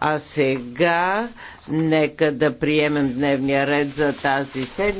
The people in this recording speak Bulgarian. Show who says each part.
Speaker 1: А сега нека да приемем дневния ред за тази седмица.